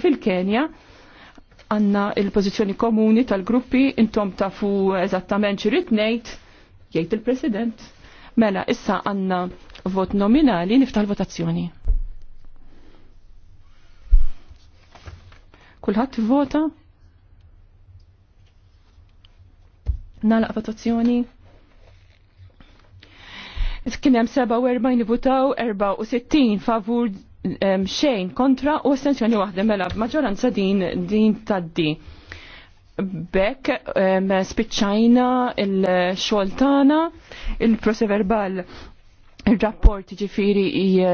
Fil-Kenja għanna il-pozizjoni komuni tal-gruppi intom tafu eżattament xirrit ngħid jgħid il-President. Mela, issa għanna vot nominali niftaħ votazzjoni. Kulħadd vota? Nalaq votazzjoni? Kien hemm 47 votaw, 64 favur xejn kontra u estensjoni waħda mela maġġoranza din din taddi. Bekk spiċċajna il-xoltana, il-proseverbal, il-rapport ġifiri